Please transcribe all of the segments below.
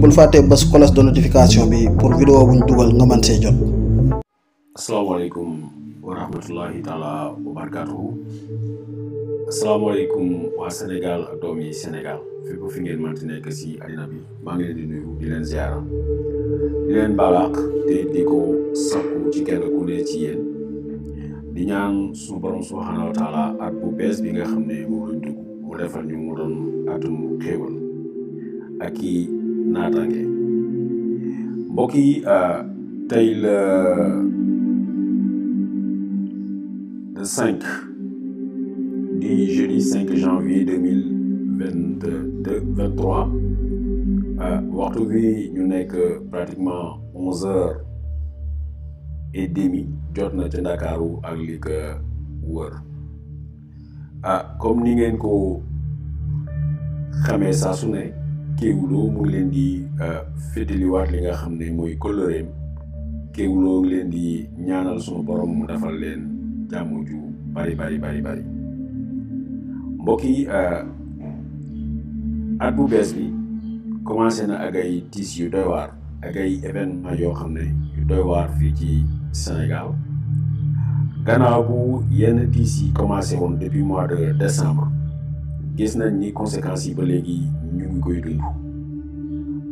te fàttee bés cloche de notification bi pour vidéo buñ dugal nga mën see jot. asalaamaaleykum wa rahmatulahi yi balaak te di ko ci kenn ku ne ci yéen. di ñaan suñu borom at bu bees bi nga xam ne moom lañ dugg mu defal ñu mu doon atum xéewal ak i natangé mbokk yi euh, tey la le 5 du jeudi 5 janvier 2022 23 euh, waxtu bi ñu nek pratiquement 11h et demi jot na ca Ndakaaru ak li ko wër ah comme ni ngeen ko xamé sa su ne Kéwoulo mu leen di euh, fétaliwaat li nga xam ne mooy kóllëreem Kéwoulo leen di ñaanal sunu borom mu defal leen jàmm ju bari bari bari bari mbokk yi euh, at bu bees bi commencé na ak ay tiis yu doy waar événement yoo xam ne yu doy waar fii ci Sénégal gannaaw bu yenn tiis yi commencé woon depuis mois de décembre gis nañ ni conséquences yi ba léegi ñu ngi koy dund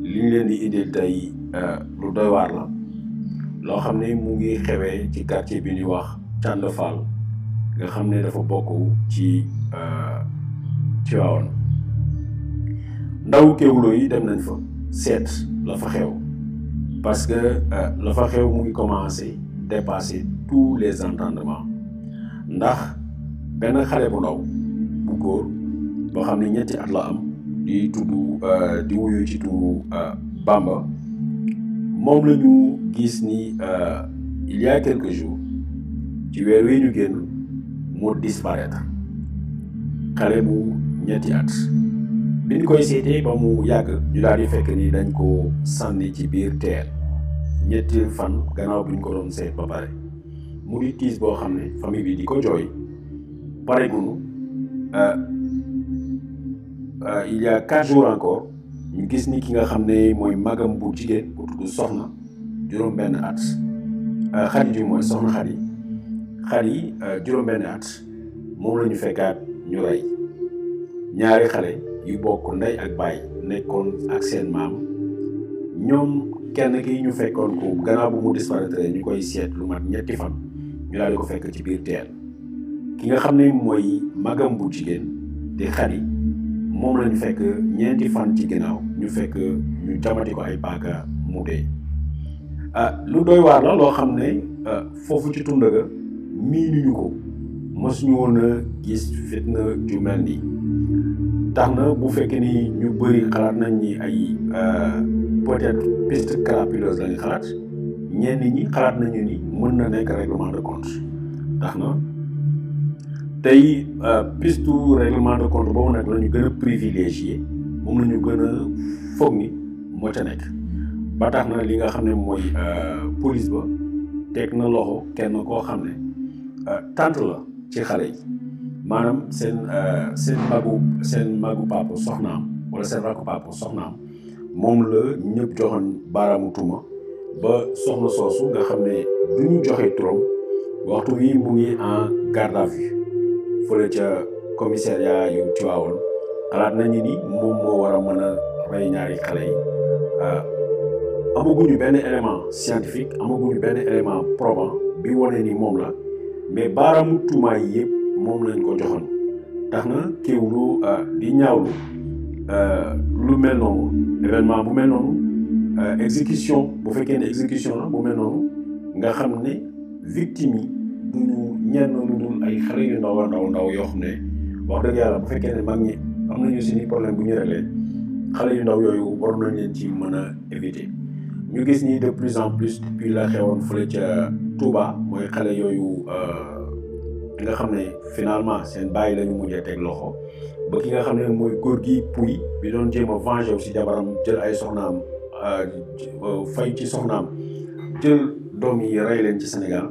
li ñu leen di indil tey euh, lu doy waar la loo xam ne mu ngi xewee ci quartier bi ñuy wax Thianda Fall nga xam ne dafa bokk ci euh, Tivaouane ndaw kéwlo yi dem nañ fa seet la fa xew parce que euh, la fa xew mu ngi commencé dépasser tous les entendements ndax benn xale bu ndaw bu góor boo xam ne ñetti at la am di tudd euh, di wuyu ci turu euh, Bamba moom lañu ñu gis ni euh, il y a quelques ci weer wi ñu génn mu disparaître xale bu ñetti at bi ñu koy seetee ba mu yàgg ñu daal di fekk ni dañ ko sànni ci biir teel ñetti fan gannaaw bi ñu ko doon seet ba pare mu di tiis boo xam ne famille bi di ko jooy pareegunu Euh, il y a quatre jours encore ñu gis ni ki nga de ne magam bu jigéen bu tudd soxna juróom at du euh, moins soxna euh, juróom at moom la ñu ñu rey ñaari xale yu bokk ndey ak nekkoon ak seen maam ñoom kenn ki ñu fekkoon ko gannaaw bu mu disparaître ñu koy lu mat ñetti fan ñu daal di ko fekk ci biir ki nga ne magam bu moom la ñu fekk ñeenti fan ci ginnaaw ñu fekk ñu jamati ko ay paaka mu dee ah, lu doy waar la loo xam ne ah, foofu ci Tundaga mii nuñu ko masuñu woon a gis fitna ju mel nii tax na bu fekkee ni ñu bëri xalaat nañ ni ay ah, peut-être piste crapuleuse la ñu xalaat ñenn ñi xalaat nañu ni mën na nekk règlement de compte tax na tey piste euh, règlement de compte boobu la ñu privilégié moom ñu ni police ba na loxo kenn ne euh, la ci yi seen euh, seen magu seen magu papa soxnaam wala seen papa soxnaam moom la ñëpp joxoon baaraamu ba soxna soosu nga ne garde à vue fële ca commissariat yu Tivaouane xalaat nañu ni moom moo war a mën a rey ñaari xale yi euh, amaguñu benn élément scientifique amaguñu benn élément probant bi wane ni moom la mais baaraamu tuumaa yi yëpp moom lañ ko joxoon tax na euh, di ñaawlu euh, lu mel noonu événement bu mel noonu exécution bu fekkee ne exécution la bu mel noonu nga xam ne victime yi duñu ñenn lu dul ay xale yu ndaw a ndaw ndaw yoo xam ne wax dëgg yàlla bu fekkee ne mag ñi am na nañu seeni problème bu ñu réglé xale yu ndaw yooyu war nañ ci mën a éviter ñu gis ni de plus en plus depuis la xewoon fële ca Touba mooy xale yooyu euh, nga xam ne finalement seen bàyyi la ñu mujjee teg loxo ba ki nga xam ne mooy góor gi puy bi doon jéem a venger aussi jabaram jël ay soxnaam euh, fay ci soxnaam jël doom yi rey leen ci Sénégal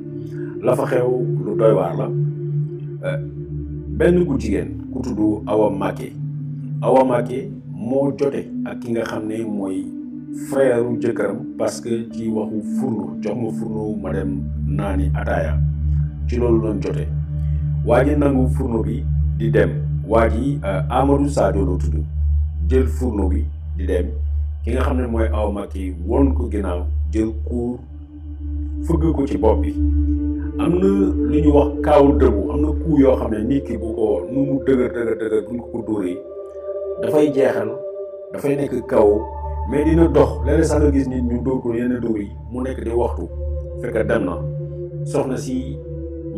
la fa xew lu doy la euh, benn ku jigéen ku tudd Awa Mbacké Awa Mbacké moo jote ak ki nga xam ne mooy frère jëkkëram parce que ci waxu furno jox ma furno ma dem naani ataaya ci loolu doon jote waa ji nangu furno bi di dem waa yi euh, Amadou Sadio la tudd jël furno bi di dem ki nga xam ne mooy Awa Mbacké woon ko ginnaaw jël kuur fëgg ko ci bopp bi am na lu ñuy wax kaawu dëggu am na coup yoo xam ne nit ki bu ko nu mu dëgër dëgër dëgër buñ ko ko dóoree dafay jeexal dafay nekk kaw mais dina dox léeg-léeg sax nga gis nit ñu dóor ko yenn dóor yi mu nekk di waxtu fekk dem na soxna si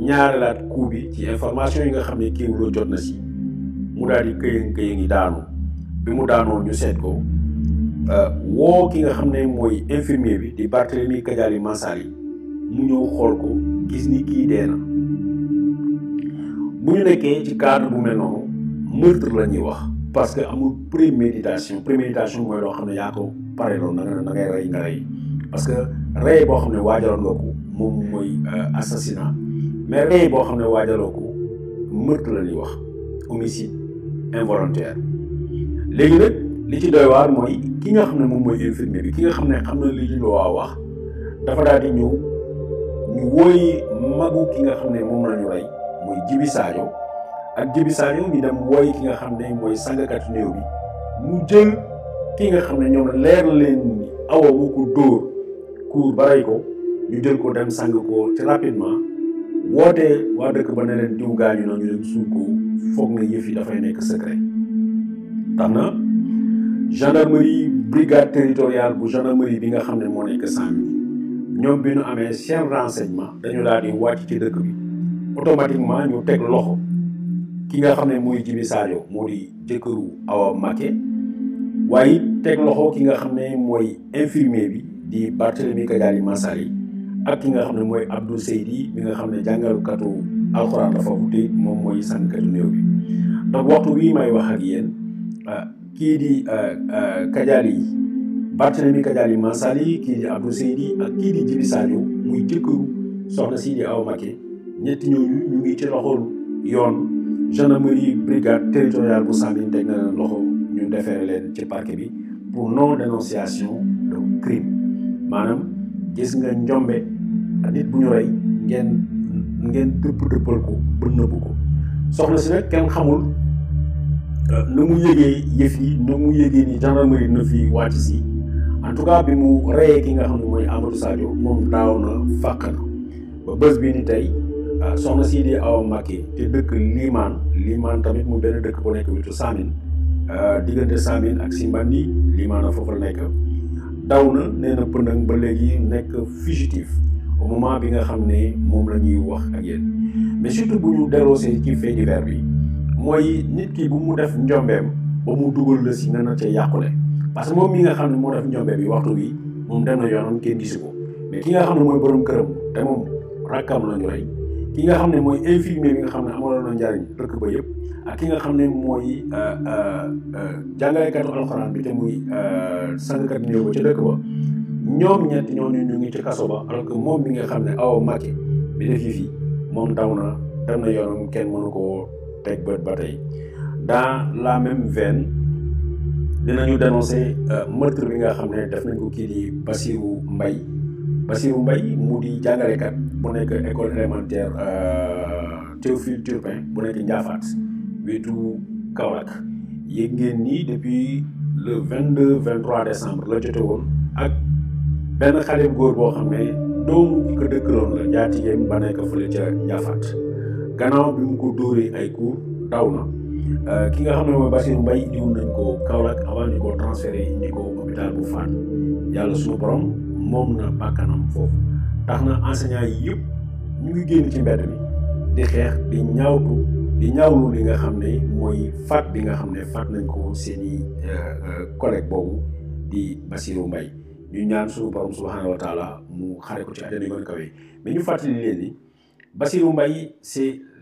ñaareelaat coup bi ci information yi nga xam ne kii wu jot na si mu daal di këyëng këyëng yi daanu bi mu daanoo ñu seet ko euh, woo ki nga xam ne mooy infirmier bi di Barthélemy Kadiali yi mu ñëw xool ko. gis ni kii dee na bu ñu nekkee ci cadre bu mel noonu meurtre la ñuy wax parce que amul préméditation préméditation mooy loo xam ne yaa ko pare loolu na na ngay rey nga rey parce que rey boo xam ne waajaloon nga ko mooy euh, assassinat mais rey boo xam ne waajaloo ko meurtre la wax homicide involontaire léegi nag li ci doy waar mooy ki nga xam ne moom mooy infirmier ki nga xam ne xam na li ñu loi wax dafa daal di ñëw ñu wooy magu ki nga xam ne moom la ñu rey mooy Djibi Sadio ak Djibi Sadio ñu dem wooy ki nga xam ne mooy sàngkatu néew bi mu jël ki nga xam ne ñoom leer leen ni awa moo ko dóor kuur ba rey ko ñu jël ko dem sàng ko ci woote waa dëkk ba ne leen diw gaañu na ñu dem suul ko foog na yëf yi dafay nekk secret tax na gendarmerie brigade territoriale bu gendarmerie bi nga xam ne moo nekk saint ñoom bi ñu amee seen renseignement dañu daal di wàcc ci dëkk bi automatiquement ñu teg loxo ki nga xam ne mooy Djibi Sadio moo di jëkkëru a Macké waaye teg loxo ki nga xam ne mooy infirmier bi di Barthélemy Kadiali yi ak ki nga xam ne mooy Abdou Seydi bi nga xam ne jàngalukatu alxuraan la foofu te moom mooy sànkatu néew bi donc waxtu wii may wax ak yéen ah, kii di ah, ah, yi Barthélemy Kadiali Mansali kii di Abdou Seydi ak kii di saa Sadio muy jëkkëru soxna si aw Awa Maké ñetti ñooñu ñu ngi ci loxol yoon gendarmerie brigade territoriale bu Sambine teg na leen ñu defeere leen ci parquet bi pour non dénonciation de crime maanaam gis nga njombe nit bu ñu rey ngeen ngeen dëpp dëppal ko ba nëbb ko soxna si nag kenn xamul euh, na mu yëgee yëf yi na mu yëgee ni gendarmerie na fi wàcc si en tout cas bi mu reyee ki nga xam ne mooy Amadou Sadio moom daaw na fàq na ba bés bii ni tey ah, soxna sii di Awa Mbacké te dëkk Limaan Limaan tamit mu benn dëkk bu nekk wetu Samin ah, diggante Samin ak Simbandi Limaan a foofu la nekk daw na nee na pëndëng ba léegi nekk fugitif au bi nga xam ne moom la ñuy wax ak yéen mais surtout bu ñu delloosee ci fait divers bi mooy nit ki bu mu def njombeem ba mu dugal la si nga na ca yàqule parce que moom mi nga xam ne moo def njombe bi waxtu bi moom dem na yoonam kenn gisi ko mais ki nga xam ne mooy borom këram te moom rakkam la rey ki nga xam ne mooy infirmier bi xam ne amaloon na njariñ dëkk ba yëpp ak ki nga xam ne mooy euh, euh, euh, jàngalekatu alxuraan bi te muy sàngkat néew ba ca dëkk ba ñoom ñett ñooñu ñu ngi ci kaso ba alors que moom bi nga xam ne awa Mbacké bi def fii moom daw na dem na yoonam kenn mënu koo teg bët ba tey dans la dinañu dénoncer euh, meurtre bi nga xam ne def nañ ko kii di Bassirou Mbaye Bassirou mbay mu di jàngalekat bu nekk école élémentaire euh, Théophile Turpin bu nekk Ndiafaat wetu Kaolack yéeg ngeen ni depuis le 22 23 décembre la jote woon ak benn xale bu góor boo xam ne doomu ki ko loon la njaatigeem ba nekk fële ca Ndiafaat gannaaw bi mu ko dóoree ay coups daw na. Ah, ki nga xam ne mooy Bassirou Mbaye indiwoon nañ koo Kaolack avant ñu ko transféré indi ko hôpital bu Fann yàlla suñu borom moom na bàkkanam foofu tax na enseignants yi yëpp ñu ngi génn ci mbedd mi di xeex di ñaawtu di ñaawlu li nga xam ne mooy faat bi nga xam ne faat nañ ko seeni eh, eh, collègue boobu di Bassirou Mbaye ñu ñaan suñu borom subhanahu wa mu xare ko ci àddina yu gën a kawe ñu fàttali leen ni Bassirou Mbaye c'est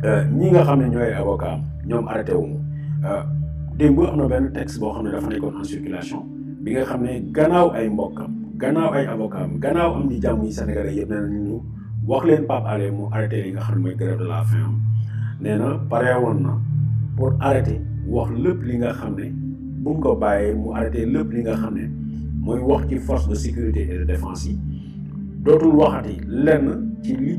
Euh, ñi nga xam ne ñooy avocat ñoom arrêté wuñu euh, démb benn texte dafa en circulation bi nga xam gannaaw ay mbokkam gannaaw ay avocat gannaaw am ni yi sénégalais arrêté nga de la faim na woon pour arrêté wax li nga ne ko mu arrêté lépp li nga wax ci force de sécurité et de défense yi waxati lenn ci li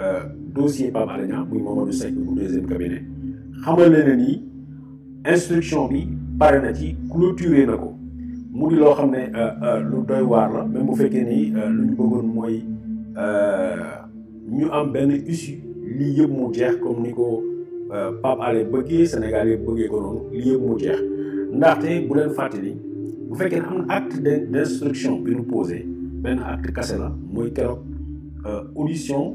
Euh, dossier Pape Alé Niang muy Mamadou Seck bu deuxième cabinet xamal na ne instruction bi pare na ci clôturé na ko mu di loo xam ne euh, euh, lu doy waar la même bu fekkee ni lu ñu bëggoon mooy ñu am benn issue lii yëpp mu jeex comme ni ko Pape Alé bëggee Sénégal yëpp bëggee ko noonu lii yëpp mu jeex ndaxte bu leen fàttali bu fekkee ne am acte d' instruction bi ñu posé benn acte cassé la mooy keroog audition.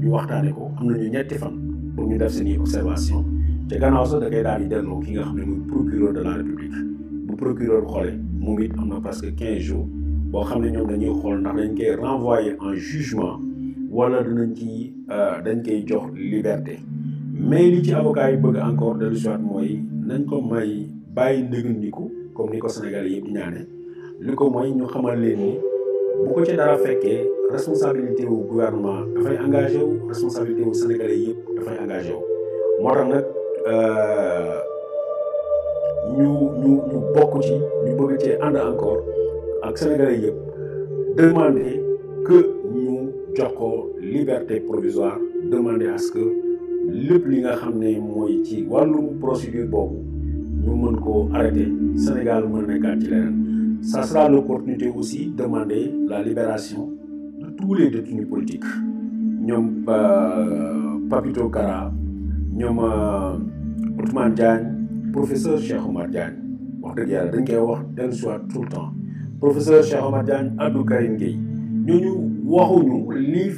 ñu waxtaane ko am nañu ñetti fan pour ñu def seeni observation te gannaaw sax da ngay daal di delloo ki nga xam ne muy procureur de la république bu procureur xoolee moom it am na presque quinze jours boo xam ne ñoom dañuy xool ndax dañ koy renvoyer en jugement wala dinañ ci dañ koy jox liberté mais li ci avocat yi bëgg encore dellu soit mooy nañ ko may bàyyi ndëgandiku comme ni ko Sénégal yëpp ñaane li ko mooy ñu xamal leen ni bu ko ci dara fekkee responsabilité au gouvernement dafay engagé responsabilité au sénégalais engagé encore sénégalais demander que nous liberté provisoire demander à ce que nous li nga procédure arrêté Sénégal ça sera l'opportunité aussi demander la libération tous les détenus politiques ñoom euh, Papito Kara ñoom euh, Ousmane Diagne professeur Cheikh Omar Diagne wax dëgg yàlla dañ koy wax den soit tout le temps professeur Cheikh Omar Diagne Abdou Karim Gueye ñooñu waxuñu lii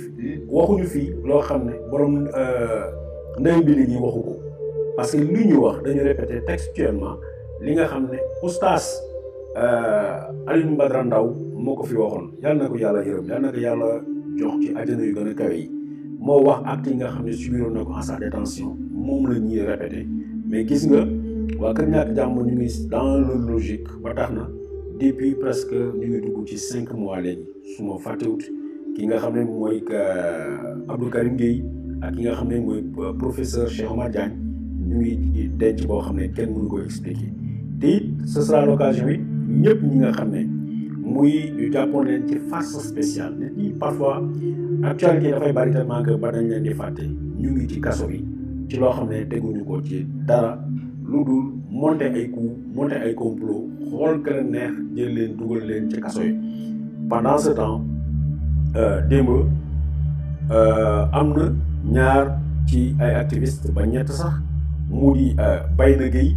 waxuñu fii loo xam ne borom euh, ndey bi léegi waxu ko parce que li ñu wax dañu répété textuellement li nga xam ne oustaz Alioune Badara Ndao moo ko fi waxoon yal na ko yàlla yërëm yal na ko yàlla jox ci àjjana yu gën a kawe moo wax acte yi nga xam ne subiroon na ko en sa détention moom la ñuy répété mais gis nga waa Kër Ñàkk Jàmm ñu ngi dans le logique na depuis presque ñu ngi dugg ci cinq mois léegi su ma fàttewut ki nga xam ne mooy euh, Abdou Karim Gueye ak ki nga xam ne mooy euh, professeur Cheikh Omar Diagne ñu ngi denc boo xam ne kenn mun ko expliquer te it ce sera l'occasion it ñëpp ñi nga xam ne muy ñu jàppoon leen ci force spéciale nit ñi parfois actualité dafay bari tellement ba dañ leen di fàtte ñu ngi ci kaso bi ci loo xam ne teguñu ko ci dara lu dul monter ay coup monter ay complot xool kër neex jël leen dugal leen ci kaso yi pendant ce temps euh, démb euh, am na ñaar ci ay activiste ba ñett sax mu di euh, Bayna Gueye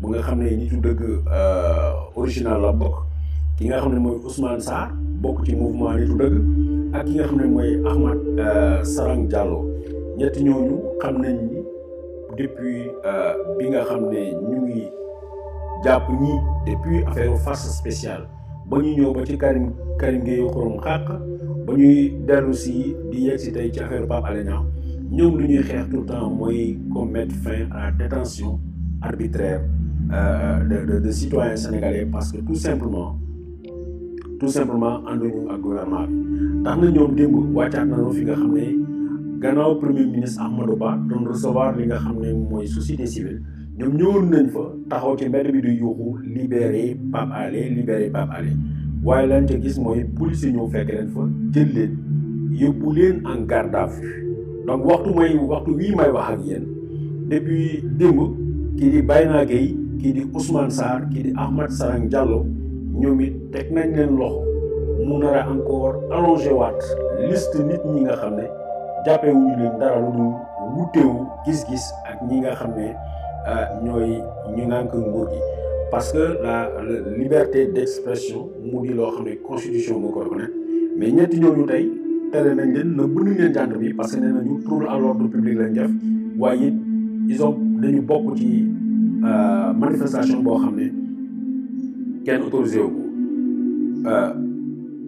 bu nga xam ne ñu nitu dëgg original la bokk ki nga xam ne mooy Ousmane sar bokk ci mouvement nitu dëgg ak ki nga xam ne mooy Ahmad euh, Sarang Diallo ñetti ñooñu xam nañ ni depuis euh, bi nga xam ne ñu ngi jàpp ñi depuis affaire force spéciale ba ñu ñëw ba ci Karim Karim Gueye xorom xàq ba ñuy dellu si di yegg tey ci affaire Pape Alé Niang ñoom lu ñuy xeex tout temps mooy qu'on fin à détention arbitraire euh, de de de citoyens sénégalais parce que tout simplement. tout simplement ànduñu ak gouvernement bi tax na ñoom démb wàccaat na fi nga xam ne gannaaw premier ministre Ahmadou Ba doon recevoir li nga xam ne mooy société civile ñoom ñëwoon nañ fa taxaw ci mbedd bi di yuuxu libéré Pape Alé libéré Pape Alé waaye lan ca gis mooy police ñëw fekk leen fa jël leen yóbbu leen en garde à vue donc waxtu may waxtu wii may wax ak yéen depuis démb kii di Bayna Gueye kii di Ousmane Sarr kii di Ahmad Sarang Diallo ñoomit tek nañ leen loxo mu nar encore allongé waat liste nit ñi nga xam ne jàppewuñu leen dara lu dul wutewu gis-gis ak ñi nga xam ne euh, ñooy ñu nànk nguur gi parce que la liberté d'expression mu di loo xam ne constitution moo ko reconnaître mais ñetti ñooñu tey tere nañ leen na bënuñ leen jànd bi parce que nee nañu trouble à l'ordre public lañ def waaye it ils ont dañu bokk ci euh, manifestation boo xam ne kenn autorisé euh,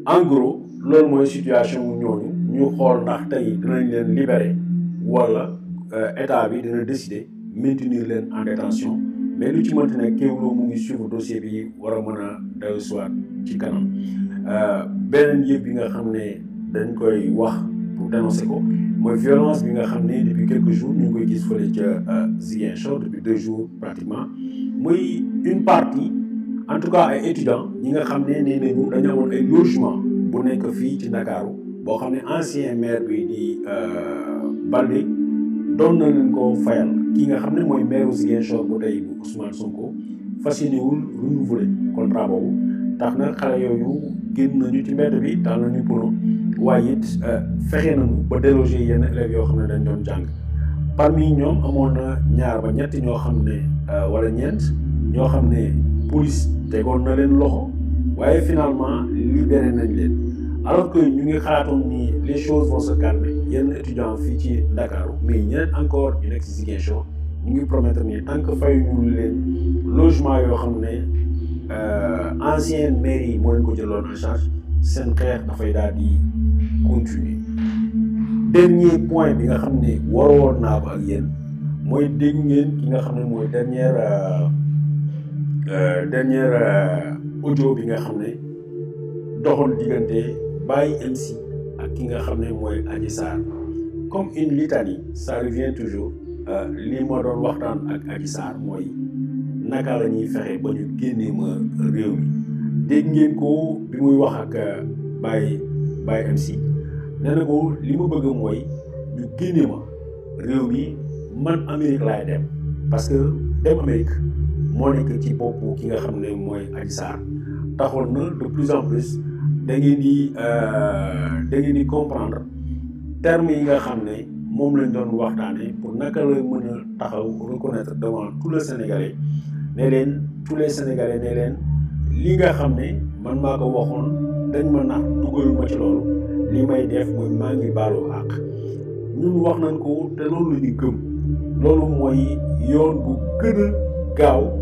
en gros loolu mooy situation wu ñooñu ñu leen libérer wala euh, état bi dina maintenir en détention mais lu ci mënti nous mu ngi dossier bi a euh, bi pour dénoncer ko violence bi nga depuis quelques jours ñu ngi depuis deux jours pratiquement une partie en tout cas ay étudiants ñi nga xam ne nee nañu dañu amoon ay logement bu nekk fii ci Dakar boo xam ne ancien maire bi di euh, Baldé doon na leen ko fayal ki nga xam ne mooy maire Ziguinchor bu tey bu Ousmane Sonko fas yéene wul renouveler contrat boobu tax na xale yooyu génn nañu ci mbedd bi taal nañu pono waaye it euh, fexe nañu ba déloger yenn élèves yoo xam ne dañ doon jàng parmi ñoom amoon na ñaar ba ñetti ñoo xam ne euh, wala ñeent ñoo xam ne police tegoon na leen loxo waaye finalement libéré nañ leen alors que ñu ngi xalaatoon ni les choses vont se calmer yenn étudiants fii ci Dakar mais ñeneen encore ñu nekk si Ziguinchor ñu ngi promettre ni tant que fayuñu leen logement yoo xam ne euh, ancienne mairie yi moo leen ko jëloon en charge seen xeex dafay daal di continuer. dernier point bi nga xam ne waroon naa ko ak yéen mooy dégg ngeen ki nga xam ne mooy dernière. Euh, euh, dernière euh, audio bi nga xamné ne doxul diggante Baye MC ak ki nga xamné ne mooy comme une litanie ça revient toujours euh, li mo doon waxtan ak Adji Sarr mooy naka la ñuy fexé ba ñu ma réew mi dégg ngeen ko bi muy wax ak Baye Baye MC nee na ko li mu bëgg moy ñu génné ma réew mi man Amérique laay dem parce que dem Amérique moo nekk ci boppu ki nga xam ne mooy Adji Sarr taxoon na de plus en plus da ngeen di euh, da di comprendre termes yi nga xam ne moom lañ doon waxtaanee pour naka la mën taxaw reconnaître devant tous les Sénégalais ne leen tous les Sénégalais ne leen li nga xam ne man maa ko waxoon dañ ma nax dugaluma ci loolu li may def mooy maa ngi baalo àq ñun wax nañ ko te loolu la ñu gëm loolu mooy yoon bu gën a gaaw.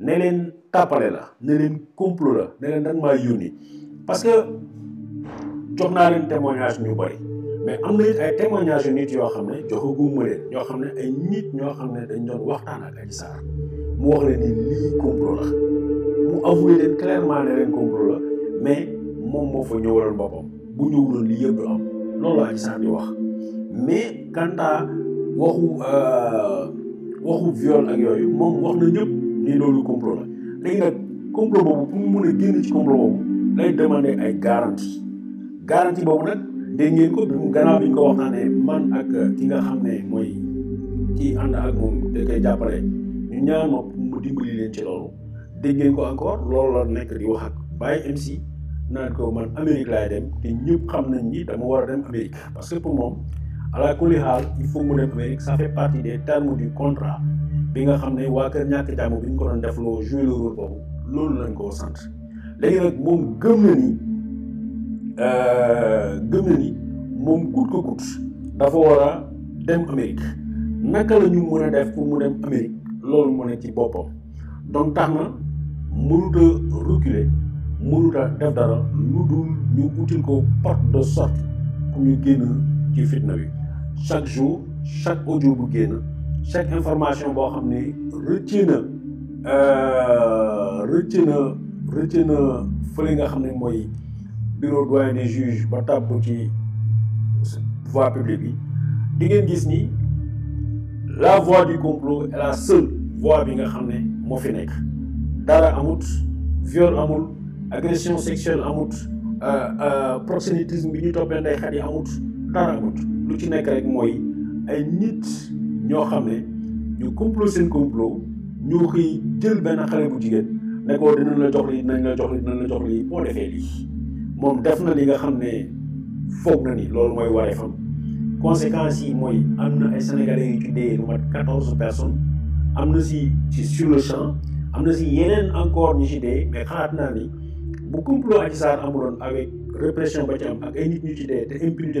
ne leen tàppale la ne leen complot la ne leen dañ maa parce que jox naa leen témoignage ñu bëri mais am na it ay témoignage yu nit yoo xam ne joxaguma leen ñoo xam ne ay nit ñoo xam ne dañ doon waxtaan ak Adji Sarr mu wax leen ni lii complot la mu avoué leen clairement ne complot la mais moom moo fa ñëwaloon boppam bu ñëwuloon lii yëpp du am loolu la Adji Sarr di wax mais quant waxu euh, waxu viol ak yooyu moom wax na ñëpp. lii loolu complot la léegi nag complot boobu mu mën a génn ci complot boobu lay demander ay garantie garantie boobu nag dégg ko bi mu gannaaw bi wax naa ne man ak ki nga xam ne mooy kii ànd ak moom da koy jàppale ñu ñaan ma mu dimbali leen ci loolu dégg ko encore loolu la nekk di wax ak Baye MC naan ko man Amérique laay dem te ñëpp xam nañ ni dama war a dem Amérique parce que pour moom à la kulli xaal il faut mu dem Amérique ça fait partie des termes du contrat bi nga xam ne waa kër ñàkk jàmm ko doon def loo joué le rôle boobu loolu lañ sant gëm gëm ni dafa dem Amérique la a def pour mu dem Amérique loolu ne ci boppam donc tax na mënut reculer def dara de sorte pour ñu chaque jour chaque audio bu chaque information boo xam ni routine, euh, routine, rëcce na fële nga xam ne mooy bureau doyen des juges ba tàbbu ci voie publique bi di ngeen ni la voie du complot est la seule voie bi nga xam ne moo fi nekk dara amut viol amul agression sexuelle amut euh, euh, proxénétisme bi ñu toppee ndey xat yi amut dara amut lu ci nekk rek mooy ay nit ñoo xam ñu complot complot ne ko dinañ la jox lii dinañ la jox lii dinañ la jox lii boo defee lii moom def li nga na ni conséquences ay sénégalais personnes sur le champ am si encore ñu mais xalaat naa ni bu complot avec répression ba ci am ay nit ñu impunité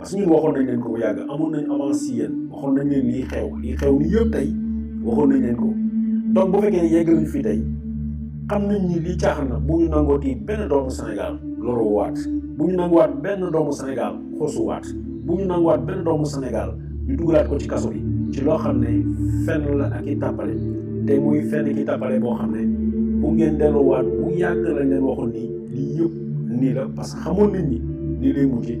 parce que ñun waxoon nañ leen ko bu yàgg amoon nañ avance si yéen waxoon nañ leen lii xew lii xew ni yëpp tey waxoon nañ leen ko donc bu fekkee yegg nañ fi tey xam nañ ni lii caaxaan na bu ñu nangooti benn doomu Sénégal loru waat bu ñu nanguwaat benn doomu Sénégal xosu waat bu ñu nanguwaat benn doomu Sénégal ñu dugalaat ko ci kaso bi ci loo xam ne fenn la ak i tàppale te muy fenn ki tàppale boo xam ne bu ngeen delluwaat bu yàgg lañ leen waxoon nii lii nii la parce que xamoon nañ ni nii lay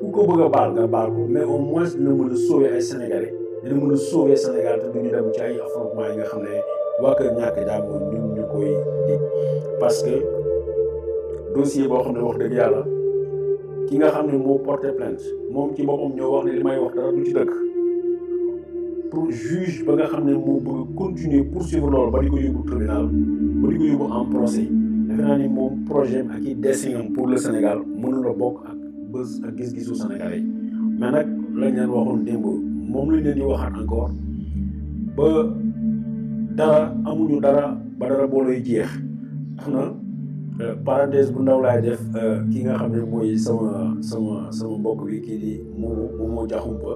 ku ko bëgg a baal nga baal ko mais au moins dina mën a sauver ay sénégalais dina mën a sauver Sénégal te duñu dem ci ay affrontement yi nga xam ne waa kër ñàkk jàmm ñun ñu koy parce que dossier boo xam ne wax dëgg yàlla ki nga xamné mo porter plainte mom ci boppam ñoo wax ne limay wax dara du ci dëkk pour juge ba nga xamné mo bëgg continuer poursuivre loolu ba di ko yóbbu tribunal ba di ko yóbbu en procès defe ni mom projet ak i dessinam pour le Sénégal mënul la bokk ak bës gis-gisu Sénégalais yi mais nag lañ leen waxoon démb moom lañ leen di waxaat encore ba dara amuñu dara ba dara booloy jeex tax na euh, bu ndaw laay def euh, ki nga xam ne mooy sama sama sama mbokk bi kii di moomu moomoo jaxumpa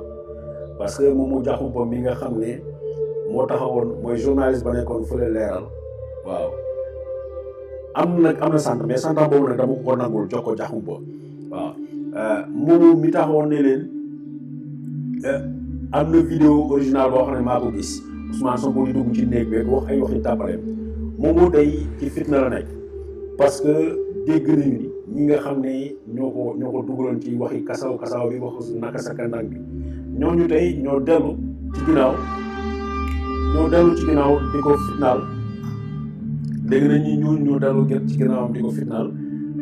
parce que mu moomoo jaxumpa mi nga xam ne moo taxawoon mooy journaliste ba nekkoon fële leeral waaw am na nag am na sant mais santam boobu nag dama ko nangul jox ko jaxumpa waaw moom mi taxoon ne leen eh, am na vidéo original boo xam ne maa ko gis Ousmane Sonko di dugg ci néeg beeg wax ay waxi tàmbaleem moomu tey ci fitna la nekk parce que dégg nañu ni ñi nga xam ne ñoo ko ñoo ko dugaloon ci waxi kasaw kasaw bi wax naka sa kandang bi ñooñu tey ñoo dellu ci ginnaaw ñoo dellu ci ginnaaw di ko fitnaal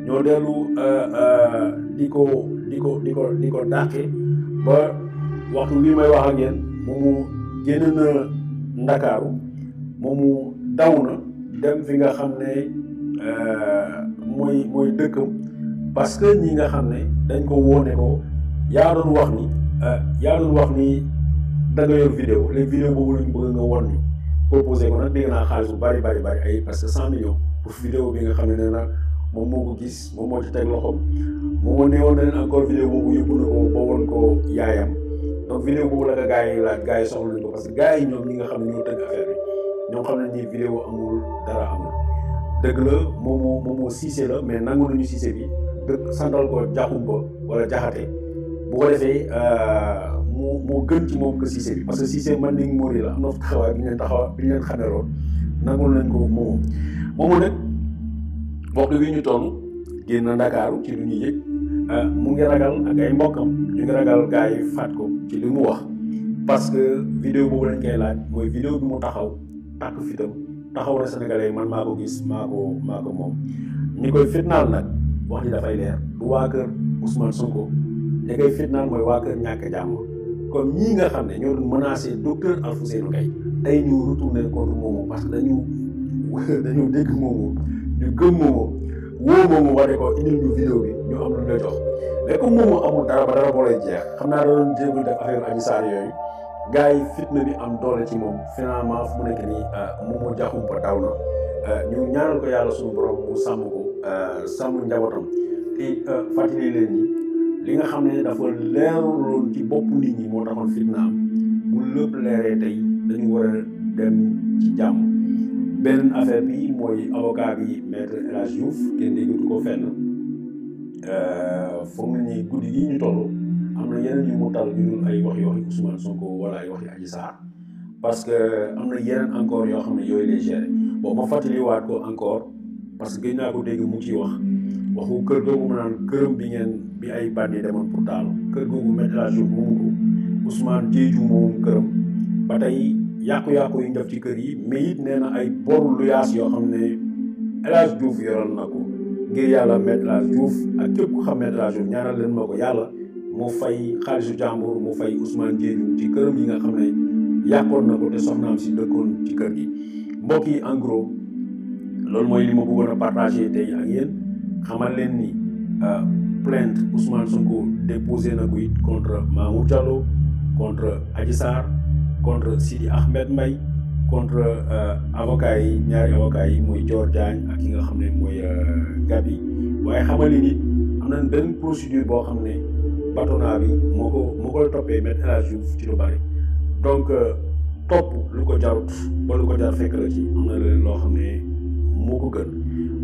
ñoo dellu gën diko diko diko ko di ba waxtu bii may wax ak yéen moomu génn na ndakaaru momu dawna dem fi nga xam euh moy moy dëkkam parce que ñi nga xam dañ ko woné ko yaa doon wax ni euh, yaa doon wax ni da nga yor vidéo les vidéo boobu lañu bëgg nga won ñu proposé ko nak dégg naa xaalis bu bari bari bari ay parce que 100 millions pour vidéo bi nga xam ne nee na moom moo ko gis moom moo ci teg loxoom moom moo neewoon na leen encore ko yaayam donc vidéo boobu la ko gars yi laaj ko parce que gars yi ñoom ñi nga xam ne ñoo tëgg affaire bi ñoom xam nañ ni vidéo amul dara amul dëgg la moom moo moom moo Cissé la mais nangu nañu Cissé bi dëgg santal ko wala jaxate bu ko defee euh, moo gën ci moom que parce que Cissé man ni ngi móori la am bi ñu leen taxawaay bi ñu waxtu wi ñu toll génn Ndakaaru ci lu ñuy yëg ah, mu ngi ragal ak ay mbokkam ñu ngi ragal gars yi faat ko ci li mu wax parce que vidéo boobu lañ koy mooy vidéo mu taxaw tàkk fitam taxaw na sénégalais yi man maa ko gis maa ko maa ko moom ñi koy fitnaal nag wax ji dafay leer du waa kër Ousmane Sonko ñi koy fitnaal mooy waa kër ñàkk jàmm kon ñii nga xam ne ñoo doon menacé docteur Alfousseynou Gaye tey ñu retourné contre moomu parce que dañu dañu dégg moomu ñu gëm moomoo woo moomoo wane ko indil ñu vidéo bi ñoo am lu ñu la jox mais comme amul dara ba dara boo jeex xam naa da doon jéem def affaire Adji Sarr yooyu gars yi fitna bi am doole ci moom finalement fu nekk nii euh, moomoo jaxum ba daw na euh, ñu ñaanal ko yàlla suñu borom mu sàmm ko euh, sàmm njabootam te fàttali leen ni li nga xam ne dafa leeruloon ci bopp nit ñi moo taxoon fitna bu lépp leeree tey dañu war a dem ci jàmm. ben affaire bi moy avocat bi maître El Hadj Diouf kenn déggatu ko fenn euh, foog na ni goudi yi ñu tollu am na yeneen yu mu tal yu dul ay wax yoo xam Ousmane Sonko wala ay waxi Adji Sarr parce que am na yeneen encore yoo xam ne yooyu lay gérer bon ma fàttaliwaat ko encore parce que gëj ko dégg mu ciy wax waxu kër googu mu naan këram bi ngeen bi ay bandi demoon pour taal kër googu maître El Hadj Diouf moomu ko Ousmane Diédhiou moomu këram ba tey yàqu-yàqu yu ñu ci kër yi mais it nee na ay boru lu yoo xam ne El Hadj Diouf yoral na ko ngir yàlla Maître El Hadj ak képp ku xam Maître El Hadj Diouf leen ma ko yàlla mu fay xaalisu jàmbur mu fay Ousmane Diédhiou ci këram yi nga xam ne yàqoon na ko te soxnaam si dëkkoon ci kër gi mbokk yi en loolu mooy li ma bëggoon a partagé tey ak yéen xamal leen ni euh, plainte Ousmane Sonko déposé na ko it contre Mamour Diallo contre Adji Sarr contre Sidi Ahmed May contre eh, avocat yi ñaari avocat yi moy Jordan ak ki nga xamné moy euh, Gabi waye xamali nit amna ben procédure bo xamné batona bi moko moko topé mettre à jour ci lu bari donc eh, top lu ko jarut ba lu ko jar fekk la ci amna na leen loo xam ne gën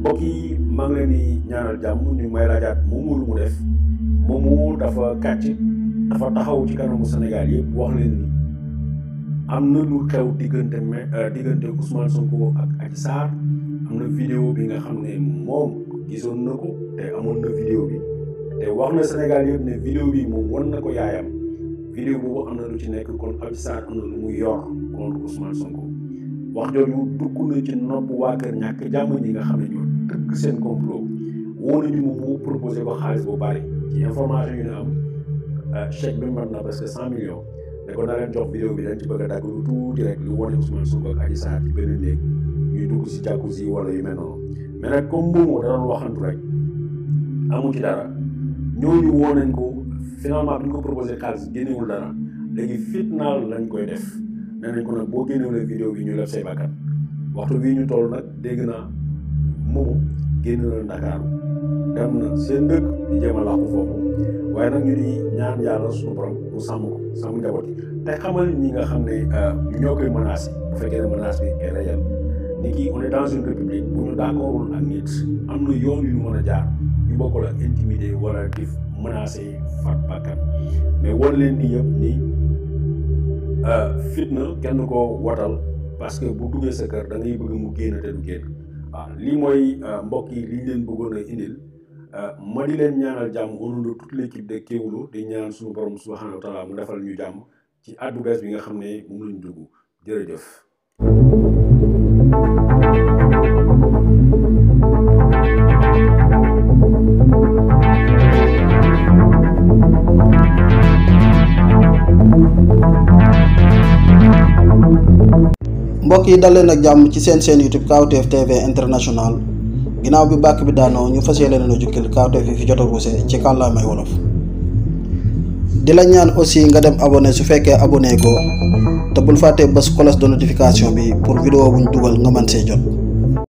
bokki ma ngi leen di ñaanal jamm ñu may laajaat moomu mu def mu dafa katch dafa taxaw ci kanamu Sénégal yépp wax leen am na lu xew diggante ma euh, diggante Ousmane Sonko ak Adji Sarr am na vidéo bi nga xam ne moom gisoon na ko te amoon na vidéo bi te wax na Sénégal yëpp ne vidéo bi moom won na ko yaayam vidéo boobu am na lu ci nekk kon Adji Sarr Sonko wax jooju dugg na ci nopp waa kër ñàkk jàmm ñi nga xam ne ñoo tëgg seen complot woo nañu moom proposé ba xaalis bu bari ci information yu ne am euh, chèque bi mat na presque cent ne ko naa leen jox vidéo bi dañ ci bëgg a dagg lu tuuti rek lu wane Ousmane Sonko ak Adji Sarr ci benn néeg ñuy dugg si jacuzzi wala yu mel noonu mais nag comme moomu da doon waxantu rek amu ci dara ñooñu woo nañ ko finalement bi ñu ko proposé xaalis génnewul dara léegi fitnaal lañ koy def nee ko nag boo génnewul vidéo bi ñu def say bakkan waxtu bii ñu toll nag dégg naa moomu génn na dem na seen dëkk di jéem foofu waaye nag ñu di sama njaboot yi te xamal ñi nga xam ne euh, ñoo koy menace bu fekkee ne menace bi est réel ni kii on est dans une république bu ñu d'accordul ak nit am na yoon yu mën a jaar yu bokkul ak intimider wala di menacer faat bakkan mais war leen ni yëpp ni euh, fitna kenn ko watal parce que bu duggee sa kër da ngay mu génn te du génn waaw lii mooy euh, mbokk yi liñ leen bëggoon a indil. Euh, ma leen ñaanal jàmm au nom de toute l'équipe de Kéwoulo ci at bi nga xam ne moom lañu dugg mbokk yi dal leen ak jàmm ci seen seen YouTube Kawtef TV International ginnaaw bi bàkk bi daanoo ñu fas yéene na jukkil kaawteef fi fi jot a ruuse ci kàllaamay wolof di la ñaan aussi nga dem abonné su fekkee abonné ko te bul fàtte bës cloche de notification bi pour vidéo buñ dugal nga mën see jot